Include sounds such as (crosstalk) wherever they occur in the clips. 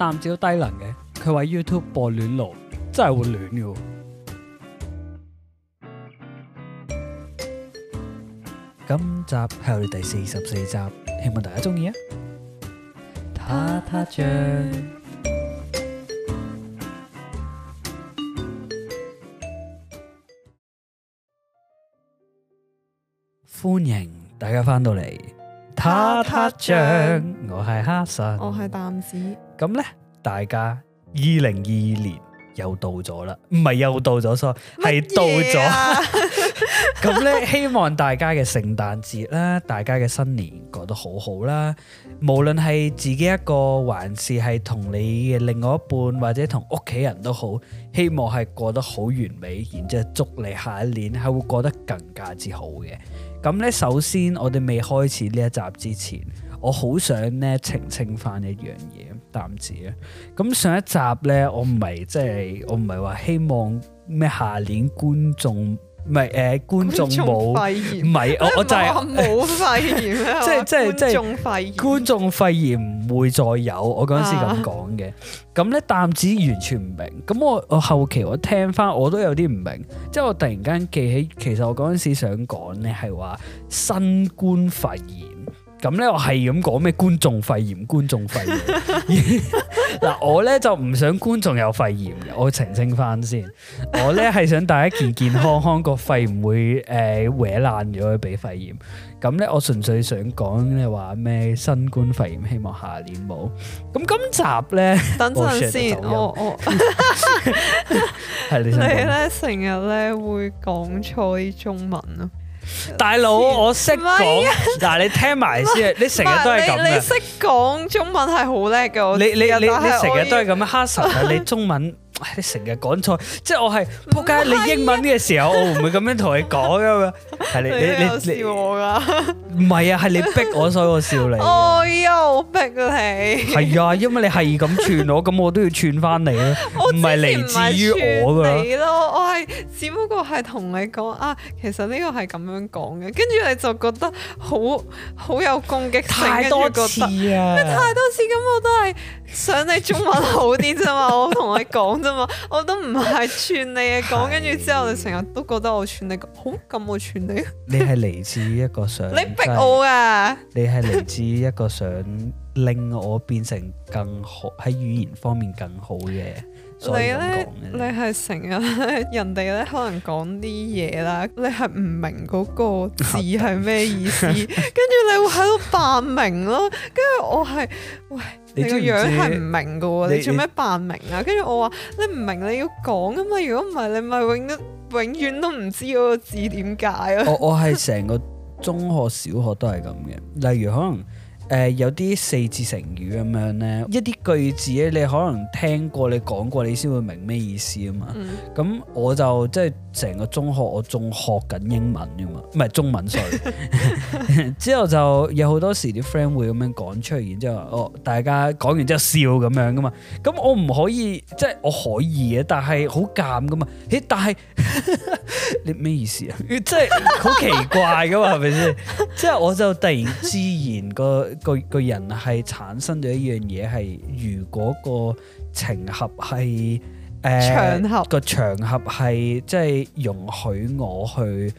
淡紫低能嘅，佢話 YouTube 播暖爐，真係會暖嘅。今集係我哋第四十四集，希望大家中意啊！他他唱，歡迎大家翻到嚟。他他醬，我係哈神，我係淡紫。咁咧，大家二零二二年又到咗啦，唔係又到咗嗦，係到咗。咁咧麼、啊， (laughs) (laughs) 希望大家嘅聖誕節啦，大家嘅新年過得好好啦。無論係自己一個，還是係同你嘅另外一半，或者同屋企人都好，希望係過得好完美。然之後祝你下一年係會過得更加之好嘅。咁咧，首先我哋未開始呢一集之前，我好想咧澄清翻一樣嘢，淡紫啊！咁上一集咧，我唔係即係我唔係話希望咩下年觀眾。唔係，誒觀眾冇肺炎，唔係我，我就係冇肺炎，即係即係即係觀眾肺炎，觀眾肺炎唔 (laughs) 會再有，我嗰陣時咁講嘅。咁咧、啊，淡紫完全唔明，咁我，我後期我聽翻，我都有啲唔明，即係我突然間記起，起，其實我嗰陣時想講咧係話新冠肺炎。咁咧我係咁講咩？觀眾肺炎，觀眾肺炎。嗱，我咧就唔想觀眾有肺炎嘅，我澄清翻先。我咧係想大家健健康康，個肺唔會誒搲爛咗，俾肺炎。咁咧我純粹想講你話咩新冠肺炎，希望下年冇。咁今集咧，等陣先，我我。係你你成日咧會講錯啲中文啊！大佬，我識講，啊、但係你聽埋先 (laughs) 是你成日都係咁，你識講中文係好叻㗎，你你我你你是你你成日都係咁啊！ (laughs) 哈神啊，你中文。哎、你成日講錯，即係我係仆街。啊、你英文嘅時候我，我唔會咁樣同你講噶嘛。係你你笑我噶？唔係啊，係你逼我，所以我笑你。 (laughs) 我好逼你。係啊，因為你係咁串我，咁 (laughs) 我都要串翻你啊。唔係嚟自於我，我自你咯，我係只不過係同你講啊，其實呢個係咁樣講嘅，跟住你就覺得好好有攻擊性。太多次啊！咩太多次咁，我都係想你中文好啲啫嘛。我同你講 (laughs) 我都唔係串你嘅講，跟住是之後你成日都覺得我串你好，咁我串你？你係嚟自於一個想你逼我啊！你係嚟自於一個想令我變成更好喺 (laughs) 語言方面更好嘅。你咧？你係成日人哋咧可能講啲嘢啦，你係唔明嗰個字係咩意思，跟住 (laughs) 你會喺度扮明咯，跟住我係喂。你個樣係唔明嘅喎，你做咩扮明啊？跟住 (laughs) 我話你唔明，你要講啊嘛。如果唔係，你咪永都永遠都唔知嗰個字點解啊！我我係成個中學、小學都係咁嘅。例如可能誒、呃、有啲四字成語咁樣咧，一啲句子你可能聽過、你講過，你先會明咩意思啊嘛。咁、嗯、我就即係。成個中學我仲學緊英文噶嘛，唔係中文歲。 (laughs) 之後就有好多時啲 friend 會咁樣講出嚟，然之後哦，大家講完之後笑咁樣噶嘛。咁、嗯、我唔可以，即係我可以嘅，但係好尷尬噶嘛。咦？但 (laughs) 係你咩意思啊？ (laughs) 即係好奇怪噶嘛，係咪先？之後我就突然自然個個個人係產生咗一樣嘢係，如果個情合係。誒、呃、合個場合係，即、就、係、是、容許我去。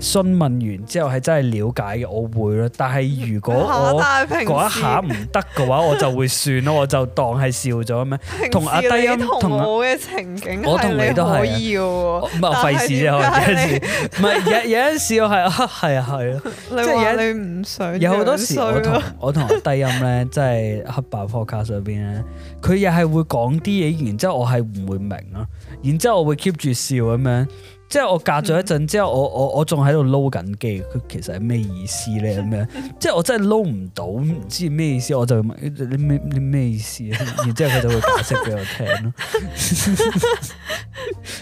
詢問完之後係真係了解嘅，我會咯。但係如果我嗰一下唔得嘅話，我就會算咯，我就當係笑咗咁樣。同阿低音同我嘅情景，我同你都係。唔係費事啫，有陣時唔係有有陣時我係啊係啊。你話你唔想有好多時我同我同阿低音咧，即係黑板課卡上邊咧，佢又係會講啲嘢，然之後我係唔會明咯，然之後我會 keep 住笑咁樣。即係我隔咗一陣之後，我我我仲喺度撈緊機，佢其實係咩意思咧？咁樣，即係我真係撈唔到，唔知咩意思，我就問你咩你咩意思？ (laughs) 然之後佢就會解釋俾我聽咯。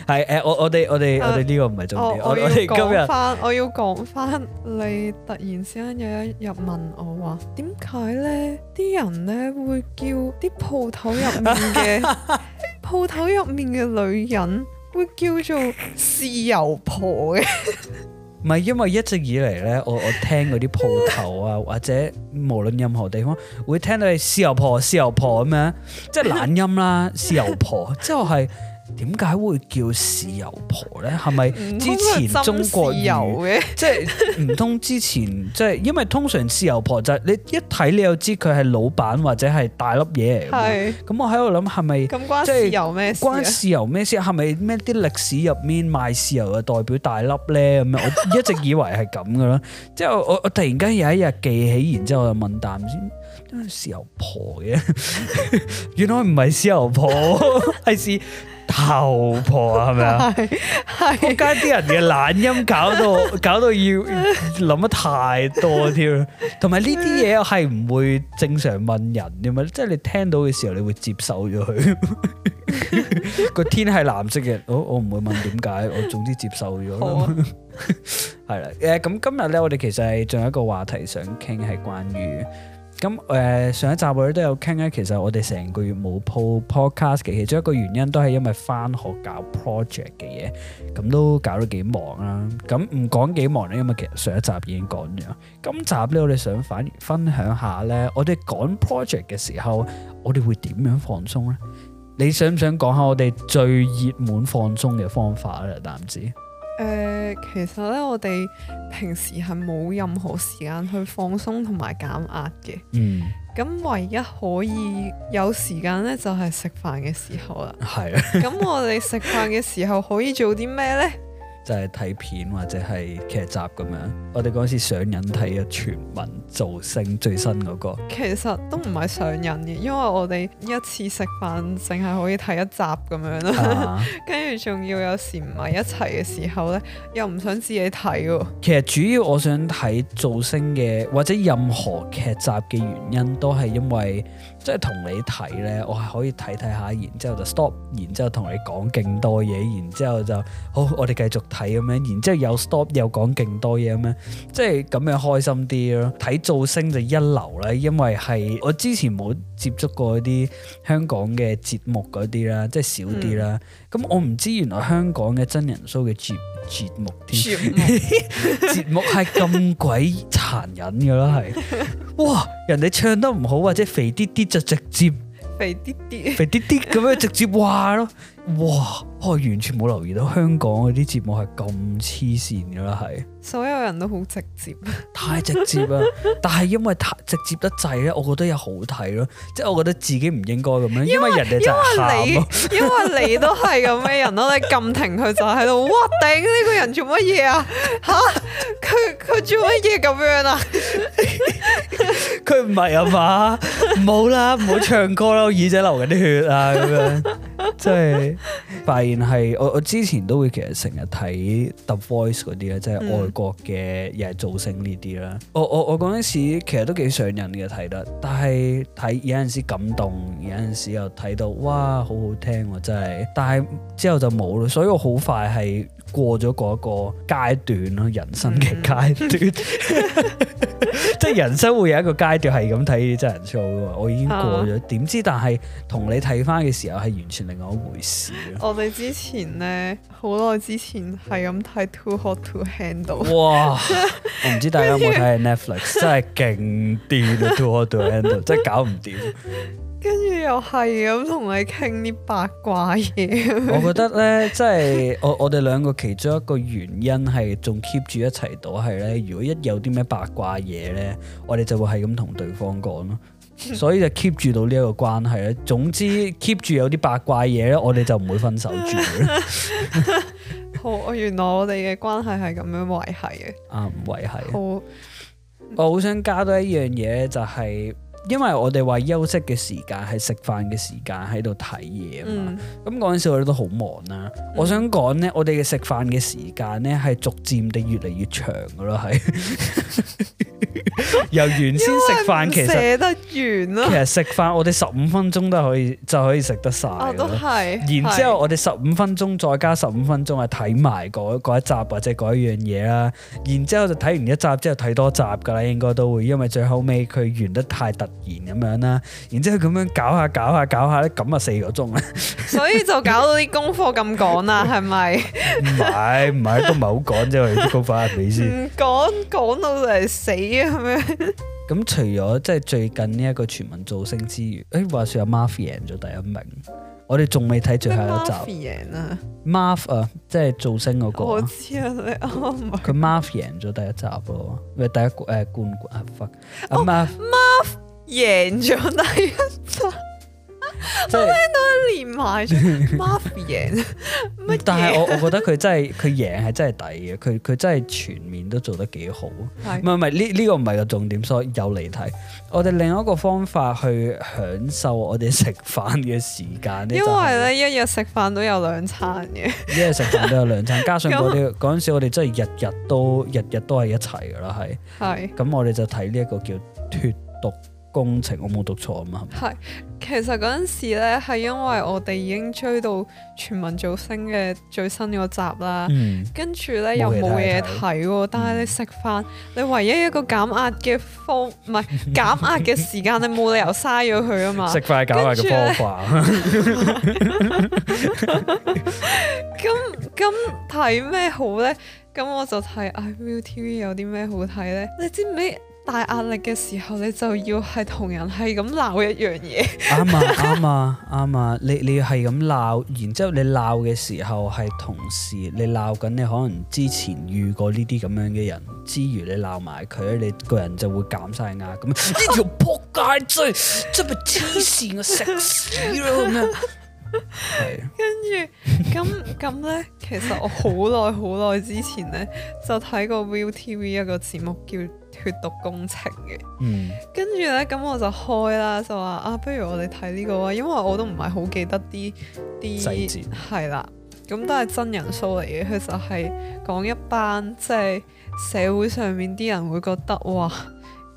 係誒， (laughs) (laughs) 我我哋我哋我哋呢個唔係重點。我哋今日我要講翻，你要講翻，你突然之間有一日問我話，點解咧？啲人咧會叫啲鋪頭入面嘅鋪頭入面嘅女人。會叫做豉油婆嘅，唔係 (laughs) 因為一直以嚟咧，我我聽嗰啲鋪頭啊，或者無論任何地方，會聽到係豉油婆、豉油婆咁樣，即係懶音啦， (laughs) 豉油婆，即係。點解會叫豉油婆咧？係咪之前中國油嘅？即係唔通之前即係，因為通常豉油婆就係、是、你一睇你又知佢係老闆或者係大粒嘢。嚟是。係、嗯。咁我喺度諗係咪？咁關豉油咩事？關豉油咩事？係咪咩啲歷史入面賣豉油嘅代表大粒咧？咁樣我一直以為係咁嘅咯。 (laughs) 即係我我，我突然間有一日記起，然之後我就問啖先，點解豉油婆嘅？ (laughs) 原來唔係豉油婆，係豉……」頭婆啊，係咪啊？係，嗰間啲人嘅懶音搞到搞到要諗得太多添，同埋呢啲嘢係唔會正常問人，唔係即係你聽到嘅時候你會接受咗佢。個天係藍色嘅，我我唔會問點解，我總之接受咗咯。係啦，誒，咁今日咧，我哋其實係仲有一個話題想傾，係關於。咁誒，呃、上一集我哋都有傾咧，其實我哋成個月冇鋪 podcast 嘅其中一個原因都係因為翻學搞 project 嘅嘢，咁都搞到幾忙啦，啊。咁唔講幾忙咧，因為其實上一集已經講咗。今集咧，我哋想反而分享下咧，我哋講 project 嘅時候，我哋會點樣放鬆咧？你想唔想講下我哋最熱門放鬆嘅方法咧？男子。誒、呃，其實咧，我哋平時係冇任何時間去放鬆同埋減壓嘅。嗯，咁唯一可以有時間咧，就係食飯嘅時候啦。係啊， (laughs) 咁我哋食飯嘅時候可以做啲咩咧？就係睇片或者係劇集咁樣，我哋嗰陣時上癮睇嘅全民造星最新嗰、嗰個、嗯，其實都唔係上癮嘅，因為我哋一次食飯淨係可以睇一集咁樣啦，跟住仲要有時唔係一齊嘅時候咧，又唔想自己睇喎。其實主要我想睇造星嘅或者任何劇集嘅原因，都係因為即係同你睇咧，我係可以睇睇下，然之後就 stop，然之後同你講勁多嘢，然之後就好，我哋繼續。睇咁樣，然之後又 stop，又講勁多嘢咁樣，即係咁樣開心啲咯。睇造星就一流啦，因為係我之前冇接觸過嗰啲香港嘅節目嗰啲啦，即係少啲啦。咁、嗯嗯、我唔知原來香港嘅真人 show 嘅節目節目， (laughs) (laughs) 節目節目係咁鬼殘忍嘅咯，係 (laughs) 哇！人哋唱得唔好或者肥啲啲就直接 (laughs) 肥啲啲，肥啲啲咁樣直接話咯。哇！我完全冇留意到香港嗰啲節目係咁黐線噶啦，係所有人都好直接，太直接太，太直接啦！但係因為太直接得滯咧，我覺得又好睇咯。即係我覺得自己唔應該咁樣，因為人哋就慘咯。因為你都係咁嘅人咯， (laughs) 你撳停佢就喺度哇！頂呢、呢個人做乜嘢啊？吓佢佢做乜嘢咁樣啊？佢唔係啊嘛！冇啦，唔好唱歌啦，耳仔流緊啲血啊咁樣。即係發現係我我之前都會其實成日睇 The Voice 嗰啲咧，即係外國嘅又係造星呢啲啦。我我我嗰陣時其實都幾上癮嘅睇得，但係睇有陣時感動，有陣時又睇到哇好好聽喎真係，但係之後就冇啦，所以我好快係。過咗嗰個階段咯，人生嘅階段，嗯、 (laughs) 即係人生會有一個階段係咁睇真人 show 嘅嘛。我已經過咗，點知、啊、但係同你睇翻嘅時候係完全另外一回事。我哋之前咧，好耐之前係咁睇《Too Hot To Handle》。哇！我唔知大家有冇睇 Netflix？真係勁啲嘅《Too Hot To Handle》，真係搞唔掂。跟住又係咁同你傾啲八卦嘢。 (laughs) 我覺得呢，即係我我哋兩個其中一個原因係仲 keep 住一齊到，係呢，如果一有啲咩八卦嘢呢，我哋就會係咁同對方講咯。所以就 keep 住到呢一個關係咧。總之 keep 住有啲八卦嘢呢，我哋就唔會分手住。 (laughs) (laughs) 好，原來我哋嘅關係係咁樣維係嘅。啊、 (laughs) 嗯，維係。好，我好想加多一樣嘢，就係、是。因為我哋話休息嘅時間係食飯嘅時間，喺度睇嘢啊嘛，咁嗰陣時我哋都好忙啦、啊。嗯、我想講呢，我哋嘅食飯嘅時間呢，係逐漸地越嚟越長噶咯，係 (laughs) 由原先食飯、啊、其實得完咯，其實食飯我哋十五分鐘都可以就可以食得晒。都係、啊。然之後我哋十五分鐘再加十五分鐘係睇埋嗰一集或者嗰一樣嘢啦。然之後就睇完一集之後睇多集噶啦，應該都會，因為最後尾佢完得太突。然咁樣啦，然之後咁樣搞下搞下搞下咧，咁啊四個鐘啊，所以就搞到啲功課咁趕啦，係咪 (laughs) 吧？唔係唔係都唔係好趕啫， (laughs) 我哋啲功課係咪先？趕趕到就係死咁樣。咁除咗即係最近呢一個全民造星之餘，誒、哎，話説阿 Marf 贏咗第一名，我哋仲未睇最後一集。Marf 啊，即係造星嗰、那個。我知啊，你佢 Marf 贏咗第一集咯，唔係第一誒、啊、冠誒 f u Marf。贏咗第一次， (laughs) 我聽到連埋咗 m u f 贏。 (laughs) 贏，但係我我覺得佢真係佢贏係真係抵嘅，佢佢真係全面都做得幾好。唔係唔係呢呢個唔係個重點，所以有離題。我哋另一個方法去享受我哋食飯嘅時間咧、就是，因為咧一日食飯都有兩餐嘅，一日食飯都有兩餐， (laughs) 加上嗰啲陣時我哋真係日日都日日都係一齊㗎喇，係係。咁是我哋就睇呢一個叫脫毒。工程我冇讀錯啊嘛，係其實嗰陣時咧，係因為我哋已經追到全民造星嘅最新嗰集啦，嗯、跟住咧又冇嘢睇，但係你食飯，嗯、你唯一一個減壓嘅方法，唔係減壓嘅時間，你冇理由嘥咗佢啊嘛，食飯減壓嘅方法。咁咁睇咩好咧？咁我就睇哎，ViuTV 有啲咩好睇咧？你知唔知？大壓力嘅時候，你就要係同人係咁鬧一樣嘢。啱啊，啱啊，啱啊！你你係咁鬧，然之後你鬧嘅時候係同時你鬧緊，你可能之前遇過呢啲咁樣嘅人之餘，你鬧埋佢，你個人就會減晒壓。咁呢條撲街真真係黐線啊！食死跟住咁咁咧，其實我好耐好耐之前呢，就睇過 ViuTV 一個節目叫。血毒工程嘅，跟住咧咁我就開啦，就話啊，不如我哋睇呢個，因為我都唔係好記得啲啲細節，嗯、係啦，咁都係真人 show 嚟嘅，佢就係講一班即係社會上面啲人會覺得哇，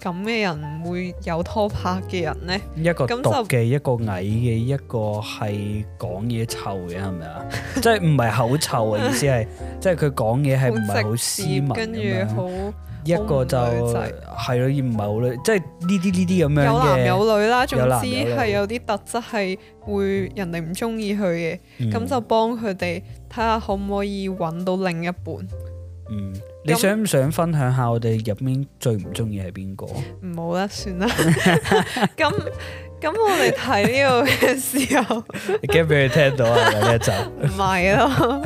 咁嘅人會有拖拍嘅人咧，就，一個毒嘅，一個矮嘅，一個係講嘢臭嘅，係咪啊？即係唔係口臭嘅意思係即係佢講嘢係唔係好斯文，跟住好。一個就係咯，亦唔係好女，即係呢啲呢啲咁樣有男有女啦，總之係有啲特質係會人哋唔中意佢嘅，咁、嗯、就幫佢哋睇下可唔可以揾到另一半。嗯，你想唔想分享下我哋入面最唔中意係邊個？唔、嗯、那好啦，算啦，咁。 (laughs) (laughs) (laughs) 咁我哋睇呢個嘅時候，你驚俾佢聽到啊！有一就唔係咯，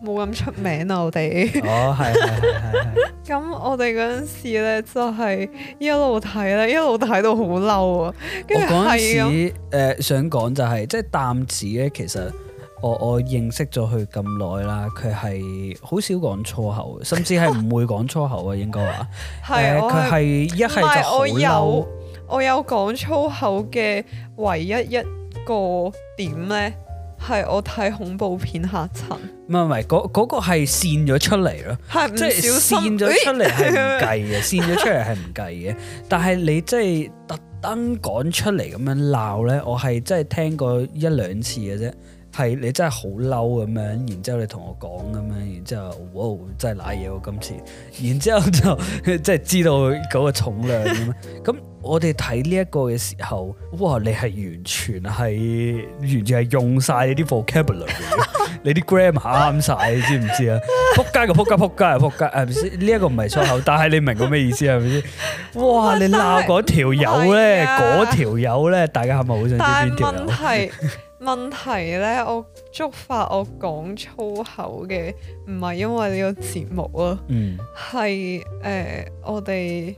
冇咁出名啊！我哋哦係係係，咁我哋嗰陣時咧就係一路睇咧，一路睇到好嬲啊！我嗰陣時誒想講就係，即係淡紫咧，其實我我認識咗佢咁耐啦，佢係好少講粗口，甚至係唔會講粗口啊，應該話係啊，佢係一係就好嬲。我有講粗口嘅唯一一個點咧，係我睇恐怖片嚇親。唔係唔係，嗰嗰、嗰個係跣咗出嚟咯，即係跣咗出嚟係唔計嘅，跣咗 (laughs) 出嚟係唔計嘅。但係你即係特登講出嚟咁樣鬧咧，我係真係聽過一兩次嘅啫。係你真係好嬲咁樣，然之後你同我講咁樣，然之後，哇！真係瀨嘢喎今次，然之後就即係知道嗰個重量咁。 (laughs) 我哋睇呢一個嘅時候，哇！你係完全係，完全係用晒你啲 vocabulary， (laughs) 你啲 grammar 啱晒，你知唔知啊？撲街、 (laughs) 這個撲街撲街撲街，係咪先？呢一個唔係粗口， (laughs) 但係你明我咩意思係咪先？哇！是你鬧嗰條友咧，嗰條友咧，大家係咪好想知邊條？但係問題， (laughs) 問題咧，我觸發我講粗口嘅，唔係因為呢個節目啊，嗯，係誒、呃、我哋。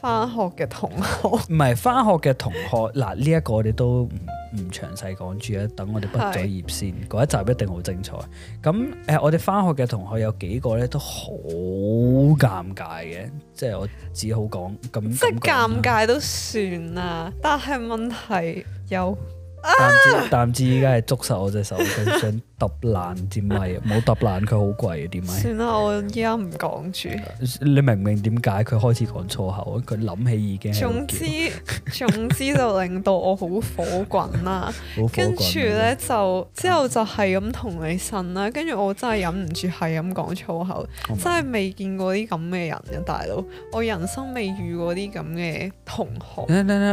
翻學嘅同， (laughs) 同學，唔係返學嘅同學。嗱，呢一個我哋都唔唔詳細講住啦，等我哋畢咗業先。嗰是一集一定好精彩。咁誒、呃，我哋返學嘅同學有幾個咧，都好尷尬嘅。即係我只好講咁。即係尷尬都算啦，但係問題有……淡紫，淡紫依家係捉實我隻手， (laughs) 揼爛啲咪，冇揼爛佢好貴啊！點解？算啦，我依家唔講住。你明唔明點解佢開始講粗口啊？佢諗起已經。總之總之就令到我好火滾啦， (laughs) 滾，跟住咧就之後就係咁同你呻啦，跟住我真係忍唔住係咁講粗口，吧真係未見過啲咁嘅人嘅、啊、大佬，我人生未遇過啲咁嘅同學。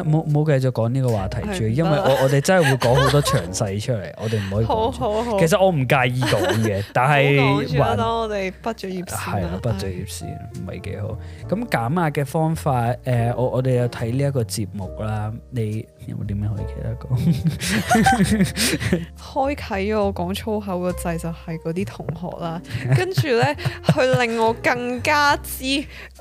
冇冇繼續講呢個話題住，是因為我我哋真係會講好多詳細出嚟， (laughs) 我哋唔可以講住。好好其我唔介意講嘅，但係話到我哋畢咗業先，係啦、啊，畢咗業先，唔係幾好。咁減壓嘅方法，誒、呃， (laughs) 我我哋有睇呢一個節目啦，你。有冇啲咩可以其他講？ (laughs) 開啟咗我講粗口個掣就係嗰啲同學啦，跟住咧，佢令我更加知、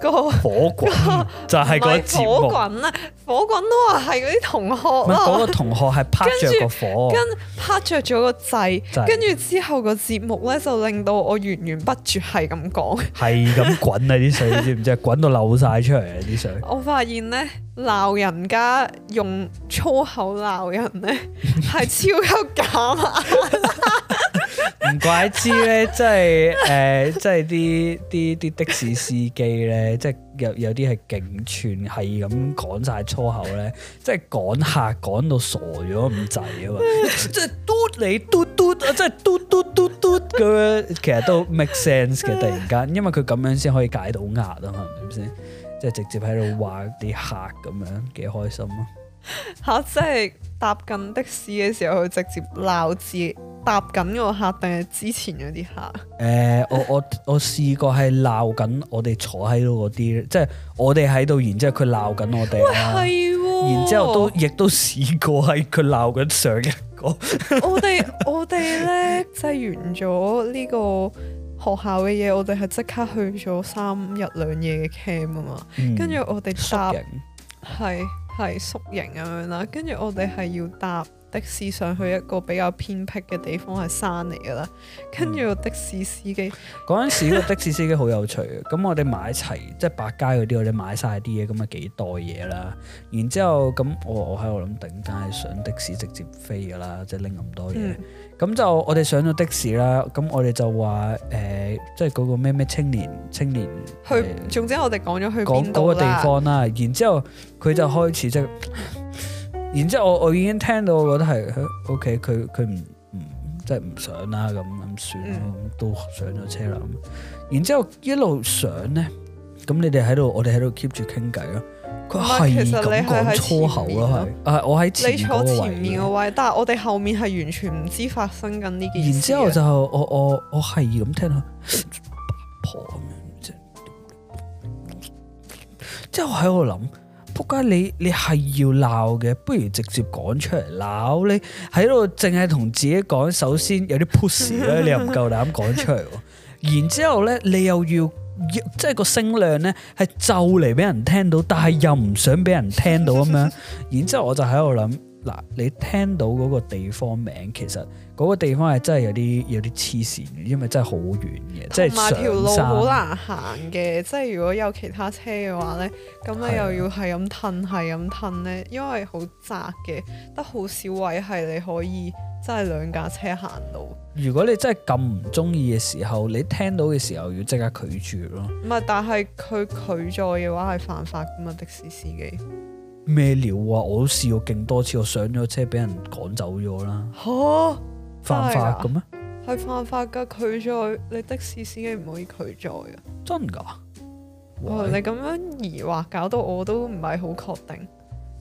那個火滾滾、那個、就係個火滾啊！火滾都話係嗰啲同學嗰個同學係拍着個火，跟拍着咗個掣，跟住、就是、之後個節目咧就令到我源源不絕係咁講，係咁滾啊啲水知唔知啊？滾到漏晒出嚟啊啲水！我發現咧鬧人家用。粗口鬧人咧，係 (laughs) 超級假啊！ (laughs) (laughs) 唔怪之咧，即係誒，即係啲啲啲的士司機咧，即係有有啲係勁串，係咁講晒粗口咧，即係趕客趕到傻咗咁滯啊！即係 (laughs) 嘟你嘟嘟，即係嘟嘟嘟嘟咁樣， (laughs) 其實都 make sense 嘅。突然間，因為佢咁樣先可以解到壓啊嘛，係咪先？即係直接喺度話啲客咁樣，幾開心咯！吓，即係搭緊的士嘅時候，佢直接鬧住搭緊個客，定係之前嗰啲客？誒、欸，我我我試過係鬧緊我哋坐喺度嗰啲，即係我哋喺度，然之後佢鬧緊我哋啦。係，哦、然之後都亦都試過係佢鬧緊上一個。 (laughs) 我哋我哋咧即係完咗呢個學校嘅嘢，我哋係即刻去咗三日兩夜嘅 camp 啊嘛。跟住、嗯、我哋搭係。人係縮型咁樣啦，跟住我哋係要搭。的士上去一個比較偏僻嘅地方，係山嚟㗎啦，跟住個的士司機嗰陣、嗯、 (laughs) 時，個的士司機好有趣咁 (laughs) 我哋買齊即係百佳嗰啲，我哋買晒啲嘢，咁啊幾袋嘢啦。然之後咁，我我喺度諗，突然間上的士直接飛㗎啦、嗯呃，即係拎咁多嘢。咁就我哋上咗的士啦，咁我哋就話誒，即係嗰個咩咩青年青年去，總之我哋講咗去港島嘅地方啦。然之後佢就開始即、嗯 (laughs) 然之後我我已經聽到，我覺得係 OK，佢佢唔唔即係唔上啦，咁咁算咯，都上咗車啦。然之後一路上咧，咁你哋喺度，我哋喺度 keep 住傾偈咯。佢係咁講粗口咯，係啊，我喺你坐前面嗰位，但係我哋後面係完全唔知發生緊呢件事。然之後就我我我係咁聽八婆，即係我喺度諗。仆街，你你係要鬧嘅，不如直接講出嚟鬧你，喺度淨係同自己講。首先有啲 push 咧，你又唔夠膽講出嚟。然之後咧，你又要即係個聲量咧，係就嚟俾人聽到，但係又唔想俾人聽到咁樣。然之後我就喺度諗。嗱，你聽到嗰個地方名，其實嗰個地方係真係有啲有啲黐線嘅，因為真係好遠嘅有，即係條路好難行嘅。即係如果有其他車嘅話呢，咁你又要係咁褪係咁褪呢，是啊、因為好窄嘅，得好少位係你可以真係兩架車行路。如果你真係咁唔中意嘅時候，你聽到嘅時候要即刻拒絕咯。唔係，但係佢拒載嘅話係犯法噶嘛，的士司機。咩料啊！我都試過勁多次，我上咗車俾人趕走咗啦。吓、啊？犯法嘅咩？係犯法噶，拒載，你的士司機唔可以拒載噶。真噶？Oh, 喂你咁樣疑惑，搞到我都唔係好確定。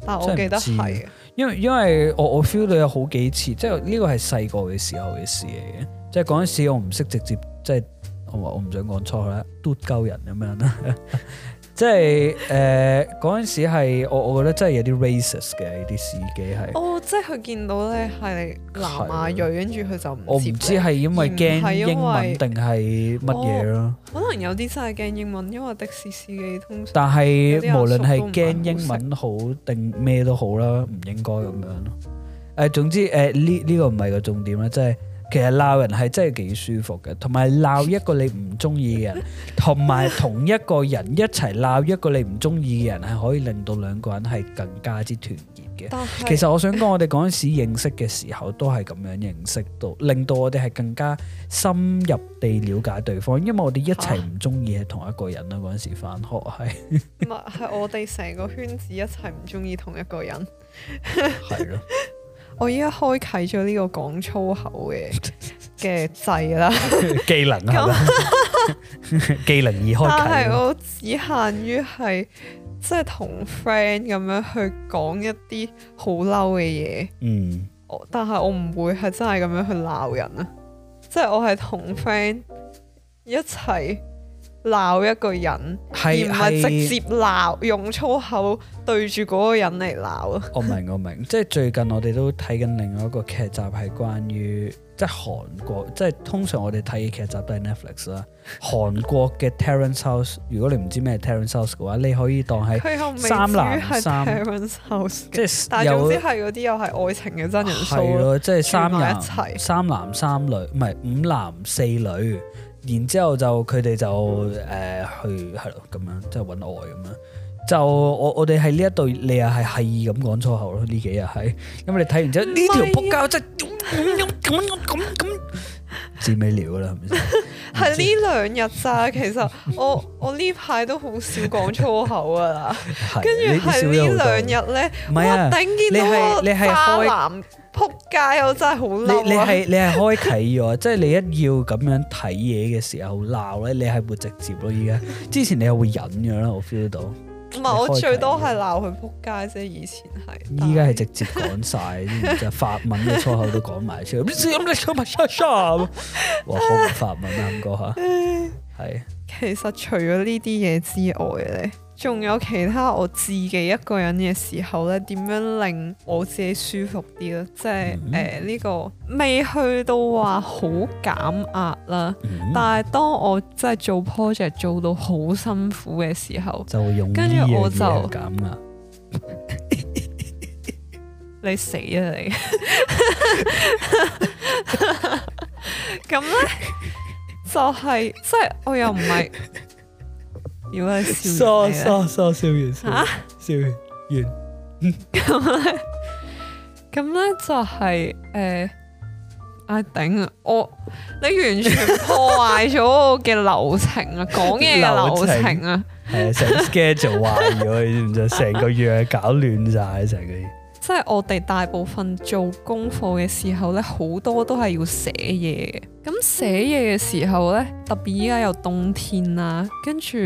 但我記得係，因為因為我我 feel 到有好幾次，即係呢個係細個嘅時候嘅事嚟嘅。即係嗰陣時我唔識直接，即係我唔想講錯啦，嘟鳩人咁樣啦。 (laughs) 即係誒，嗰、呃、陣時係我我覺得真係有啲 racist 嘅啲司機係哦，即係佢見到你係南亞裔，跟住佢就唔我唔知係因為驚英文定係乜嘢咯？哦、啦可能有啲真係驚英文，因為的士司機通常但係無論係驚英文好定咩、嗯、都好啦，唔應該咁樣咯。誒、嗯呃，總之誒呢呢個唔係個重點啦，即係。其實鬧人係真係幾舒服嘅，同埋鬧一個你唔中意嘅人，同埋 (laughs) 同一個人一齊鬧一個你唔中意嘅人，係可以令到兩個人係更加之團結嘅。是其實我想講，我哋嗰陣時認識嘅時候都係咁樣認識到，令到我哋係更加深入地了解對方。因為我哋一齊唔中意係同一個人啦。嗰陣時返學係，我哋成個圈子一齊唔中意同一個人，係咯、啊。我依家開啟咗呢個講粗口嘅嘅掣啦， (laughs) 技能啦， (laughs) (laughs) 技能已開。但係我只限於係即係同 friend 咁樣去講一啲好嬲嘅嘢。嗯，但係我唔會係真係咁樣去鬧人啊。即係我係同 friend 一齊。鬧一個人，而唔係直接鬧，用粗口對住嗰個人嚟鬧啊！我明，我明，即係最近我哋都睇緊另外一個劇集，係關於即係韓國，即係通常我哋睇嘅劇集都係 Netflix 啦。韓國嘅 Terrance House，如果你唔知咩 Terrance House 嘅話，你可以當係三男三，House 即係但係總之係嗰啲又係愛情嘅真人秀咯，即係三人一齊，三男三女，唔係五男四女。然之後就佢哋就誒、呃、去係咯，咁樣，即係搵我咁樣。就我我哋係呢一對，你又係係咁講粗口咯？呢幾日係，因為你睇完之後呢條撲街真係咁咁咁。 (laughs) 知咩料啦？係咪先？係呢兩日咋，其實我我呢排都好少講粗口啊。跟住係呢兩日咧，我頂哇、啊、見到我巴南撲街，我真係好嬲。你係你係開啟咗，即係 (laughs) 你一要咁樣睇嘢嘅時候鬧咧，你係會直接咯。而家之前你係會忍咗啦，我 feel 到。唔係，不我最多係鬧佢撲街啫。以前係，依家係直接講晒，就法 (laughs) 文嘅粗口都講埋出嚟。唔咁你講乜嘢山？哇，好唔法文啊，咁講下？係。其實除咗呢啲嘢之外咧。仲有其他我自己一個人嘅時候咧，點樣令我自己舒服啲咧？即係誒，呢、嗯呃這個未去到話好減壓啦，嗯、但係當我真係做 project 做到好辛苦嘅時候，跟住我就！減壓 (laughs) (laughs) 你死啊吧你！咁 (laughs) 咧 (laughs) (laughs) 就係、是、即係我又唔係。如果係笑完，啊、笑完，吓笑完咁咧，咁咧就係誒，阿頂啊！我你完全破壞咗我嘅流， (laughs) 流程啊，講嘢嘅流程啊，成 schedule 壞咗，唔就成個月搞亂晒成嘅。即係我哋大部分做功課嘅時候咧，好 (laughs) 多都係要寫嘢嘅。咁寫嘢嘅時候咧，特別依家又冬天啦、啊，跟住。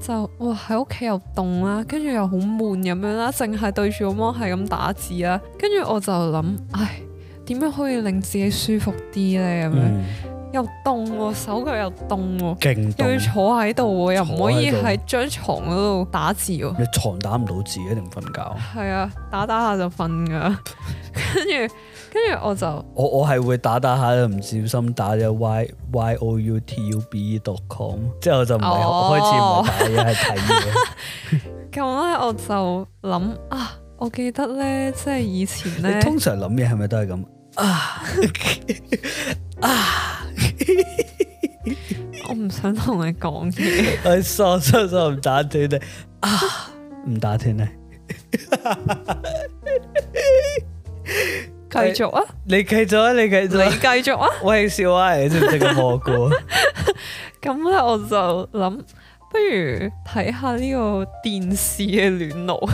就哇喺屋企又凍啦，跟住又好悶咁樣啦，淨係對住個 mon 咁打字啦。跟住我就諗，唉，點樣可以令自己舒服啲呢？咁樣、嗯、又凍喎，手腳又凍喎，冷又要坐喺度喎，又唔可以喺張床嗰度打字喎。你牀打唔到字，一定瞓覺。係啊，打打下就瞓噶，跟住。 (laughs) 跟住我就，我我係會打打下，唔小心打咗 y y o u t u b dot com，之後我就唔係、哦、開始唔打，而係睇嘢。咁咧 (laughs) 我就諗啊，我記得咧即係以前咧，你通常諗嘢係咪都係咁啊啊？ (laughs) 啊 (laughs) 我唔想同你講嘢。我傻傻傻，唔打斷你啊，唔打斷你。 (laughs) 繼續，啊、繼續啊！你繼續啊！你繼續你繼續啊！我係笑啊！你食唔食個蘑菇？咁咧 (laughs) (laughs) 我就諗，不如睇下呢個電視嘅暖爐。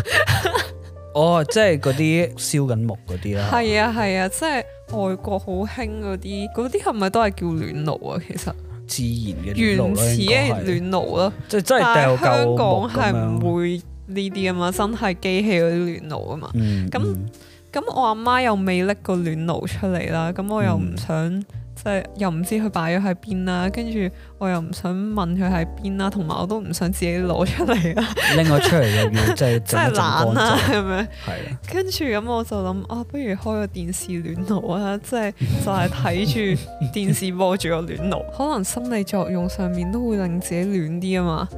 (laughs) 哦，即係嗰啲燒緊木嗰啲啦。係 (laughs) 啊係啊，啊，即係外國好興嗰啲，嗰啲係咪都係叫暖爐啊？其實自然嘅原始嘅暖爐啦，即係香港係唔會呢啲啊嘛，真係機器嗰啲暖爐啊嘛，咁、嗯。嗯咁我阿媽又未拎個暖爐出嚟啦，咁我又唔想、嗯、即係又唔知佢擺咗喺邊啦，跟住我又唔想問佢喺邊啦，同埋我都唔想自己攞出嚟啊。拎我出嚟又要係即係真係懶啊咁樣。係啊。跟住咁我就諗啊，不如開個電視暖爐啊，即係就係睇住電視播住個暖爐， (laughs) 可能心理作用上面都會令自己暖啲啊嘛。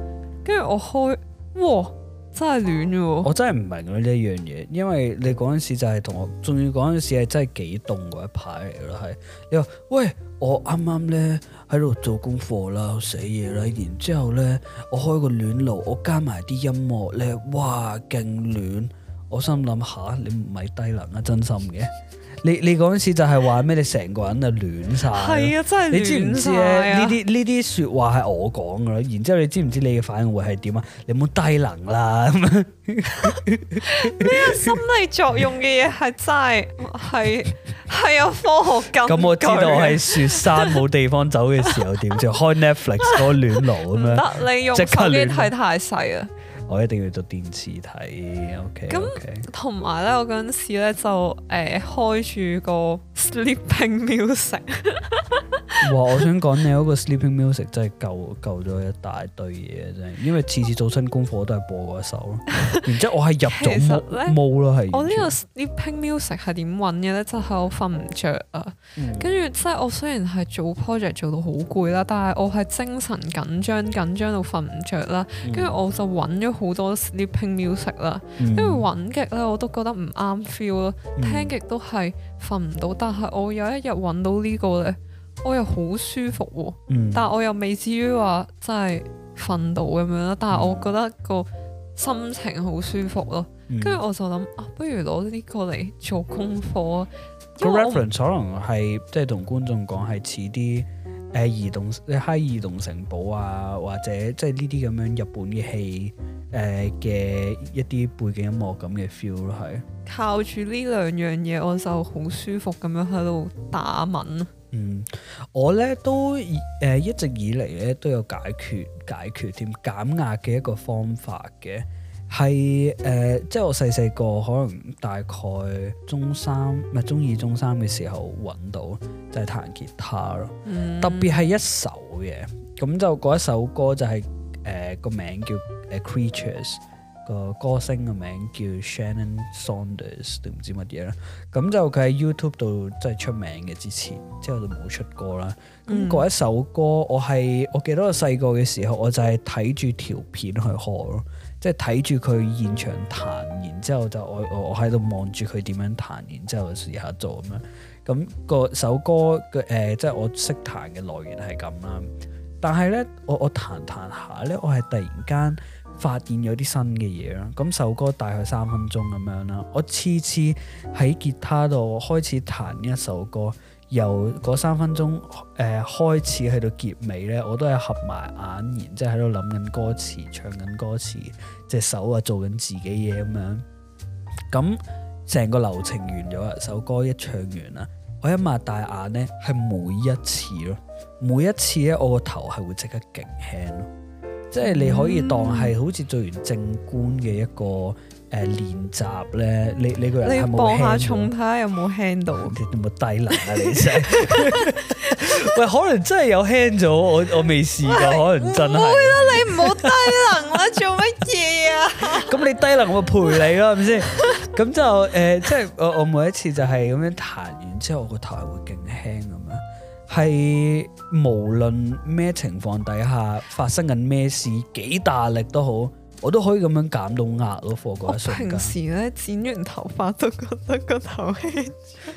跟住我開，哇！真係暖嘅，啊，我真係唔明咯，呢一樣嘢。因為你嗰陣時就係同我，仲要嗰陣時係真係幾凍嗰一排嚟咯，係你話喂，我啱啱呢，喺度做功課啦，寫嘢啦，然之後咧我開個暖爐，我加埋啲音樂咧，哇，勁暖，我心諗下，你唔係低能啊，真心嘅。你你嗰陣時就係話咩？你成個人啊暖晒，係啊真係，你知唔知咧？呢啲呢啲說話係我講噶咯，然之後你知唔知你嘅反應會係點啊？你冇低能啦咁樣，呢 (laughs) 個 (laughs) 心理作用嘅嘢係真係係係有科學咁。咁 (laughs) 我 (laughs) (laughs) 知道喺雪山冇地方走嘅時候點就開 Netflix 嗰個暖爐咁樣，得 (laughs) 你用手機太細啊。我一定要做電視睇 OK 咁同埋咧，我嗰陣時咧就誒、欸、開住個 Sleeping Music。 (laughs) 哇！我想講你嗰個 Sleeping Music 真係救救咗一大堆嘢，真係。因為次次做新功課我都係播嗰首咯。然之後我係入咗冇啦，係。我呢個 Sleeping Music 係點搵嘅咧？真係我瞓唔着啊。跟住、嗯、即係我雖然係做 project 做到好攰啦，但係我係精神緊張緊張到瞓唔着啦。跟住我就搵咗好多 Sleeping Music 啦。跟住搵極咧，我都覺得唔啱 feel 咯。聽極都係瞓唔到。但係我有一日搵到呢個咧。我又好舒服喎、啊，嗯、但我又未至於話真係瞓到咁樣啦。嗯、但係我覺得個心情好舒服咯、啊。跟住、嗯、我就諗啊，不如攞呢個嚟做功課啊。個 reference 可能係即係同觀眾講係似啲誒移動誒《嗨移動城堡》啊，或者即係呢啲咁樣日本嘅戲誒嘅、呃、一啲背景音樂咁嘅 feel 咯，係靠住呢兩樣嘢，我就好舒服咁樣喺度打文。嗯，我咧都誒、呃、一直以嚟咧都有解決解決點減壓嘅一個方法嘅，係誒即係我細細個可能大概中三唔係中二中三嘅時候揾到就係、是、彈吉他咯，嗯、特別係一首嘅，咁就嗰一首歌就係誒個名叫誒 Creatures。個歌星嘅名叫 Shannon Saunders 都唔知乜嘢啦，咁就佢喺 YouTube 度即係出名嘅之前，之後就冇出歌啦。咁嗰一首歌，我係我記得我細個嘅時候，我就係睇住條片去學咯，即係睇住佢現場彈，然之後就我我我喺度望住佢點樣彈，然之後試下做咁樣。咁、那個、首歌嘅誒，即、呃、係、就是、我識彈嘅來源係咁啦。但係咧，我我彈彈下咧，我係突然間，發現有啲新嘅嘢咯，咁首歌大概三分鐘咁樣啦。我次次喺吉他度開始彈呢一首歌，由嗰三分鐘誒、呃、開始去到結尾咧，我都係合埋眼，然之後喺度諗緊歌詞，唱緊歌詞，隻手啊，做緊自己嘢咁樣。咁成個流程完咗啦，首歌一唱完啦，我一擘大眼咧，係每一次咯，每一次咧我個頭係會即刻勁輕咯。即係你可以當係好似做完正觀嘅一個誒練習咧，你你個人係冇輕？你磅下重睇下有冇輕到？有冇低能啊？你真？喂，可能真係有輕咗，我我未試過，喂可能真係。唔好低能啦， (laughs) 做乜嘢啊？咁 (laughs) 你低能我會陪你咯，係咪先？咁就誒，即係我我每一次就係咁樣彈完之後，個頭會勁輕咁樣。係無論咩情況底下發生緊咩事，幾大力都好，我都可以咁樣減到壓咯，啊。我，我平時咧剪完頭髮都覺得個頭輕，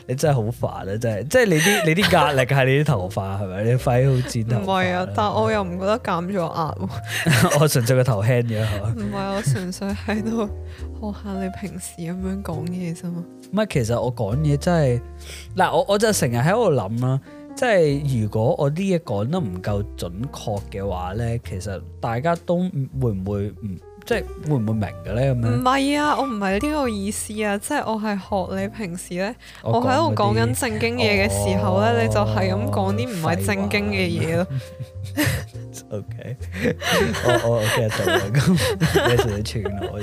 你真係好煩啊！真係，即係你啲你啲壓力係你啲頭髮係咪？你快啲剪頭啊。唔係啊，但我又唔覺得減咗壓。我純粹個頭輕咗，係嘛？唔係，我純粹喺度學下你平時咁樣講嘢啫嘛。唔係，其實我講嘢真係嗱，我我就成日喺度諗啦。即係如果我呢嘢講得唔夠準確嘅話咧，其實大家都會唔會唔即係會唔會明嘅咧？咁樣唔係啊，我唔係呢個意思啊！即係我係學你平時咧，哦，我喺度講緊正經嘢嘅時候咧，你就係咁講啲唔係正經嘅嘢咯。O K，我我今日做咗咁，你成日串我，我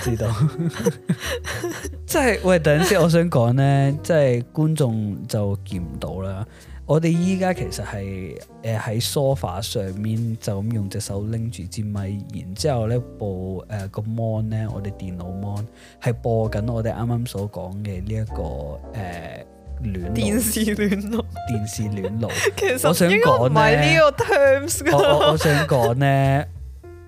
知道。 (laughs) (laughs) 即係喂，等陣先，我想講咧，即係觀眾就見唔到啦。我哋依家其實係誒喺 sofa 上面就咁用隻手拎住支咪，然之後咧，部誒、呃、個 mon 咧，我哋電腦 mon 係播緊我哋啱啱所講嘅呢一個誒、呃、暖電視暖爐， (laughs) 電視暖爐。 (laughs) 其實我想講咧，我我想講咧。 (laughs)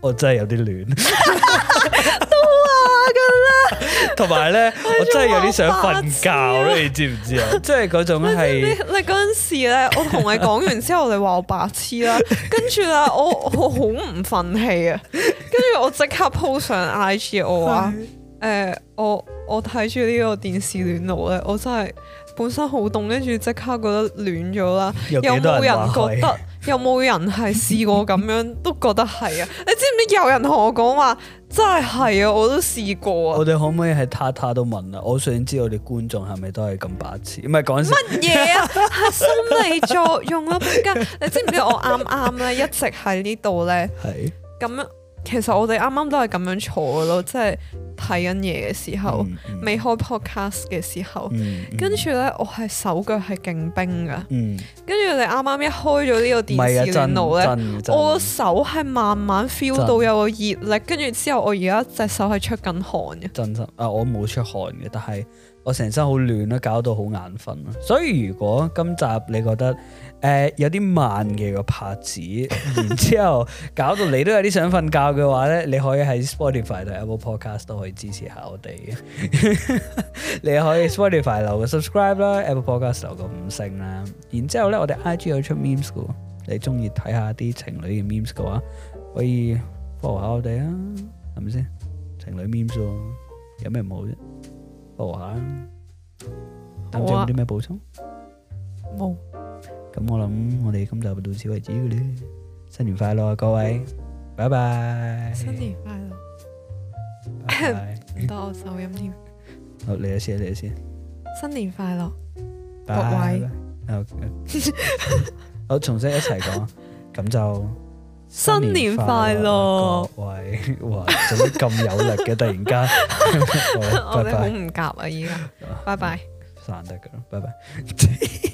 我真係有啲亂 (laughs) (laughs) 的，都話噶啦。同埋咧，我真係有啲想瞓覺咧，你知唔知啊？即係嗰種係你嗰陣時咧，我同你講完之後，你話我白痴啦，跟住啊，我我好唔忿氣啊，跟住我即刻 po 上，上 IG 我話，誒的、呃，我我睇住呢個電視暖爐咧，我真係本身好凍，跟住即刻覺得暖咗啦。有冇人，人覺得？有冇人係試過咁樣 (laughs) 都覺得係啊？你知唔知有人同我講話真係係啊？我都試過啊！我哋可唔可以喺塔塔度問啊？我想知道我哋觀眾係咪都係咁白痴？唔係講乜嘢啊？麼 (laughs) 心理作用啊，邊個？ (laughs) 你知唔知我啱啱咧？一直喺呢度咧，係咁 (laughs) 樣。其實我哋啱啱都係咁樣坐嘅咯，即係。睇緊嘢嘅時候，嗯、未開 podcast 嘅時候，嗯、跟住呢，嗯、我係手腳係勁冰噶，嗯、跟住你啱啱一開咗呢個電視嘅路呢，啊、我個手係慢慢 feel 到有個熱力，跟住之後我而家隻手係出緊汗嘅。真真啊，我冇出汗嘅，但係。我成身好亂咯，搞到好眼瞓咯。所以如果今集你覺得誒、呃、有啲慢嘅個拍子， (laughs) 然之後搞到你都有啲想瞓覺嘅話咧，你可以喺 Spotify 同 Apple Podcast 都可以支持下我哋。 (laughs) 你可以 Spotify 留個 subscribe 啦，Apple Podcast 留個五星啦。然之後咧，我哋 IG 有出 memes 嘅，你中意睇下啲情侶嘅 memes 嘅話，可以 follow 下我哋啊，係咪先？情侶 memes、哦、有咩唔好啫？播下啦，有冇啲咩補充？冇。咁我諗我哋咁就到此為止嘅啦。新年快樂啊，各位，拜拜。新年快樂。唔到我收音添。好嚟啊先嚟啊先。新年快樂，拜拜。好，我重新一齊講，咁就。新年快樂，喂，哇，做乜咁有力嘅？突然間，我覺得好唔夾啊！依家，拜拜，散得㗎，拜拜。 (laughs) (laughs)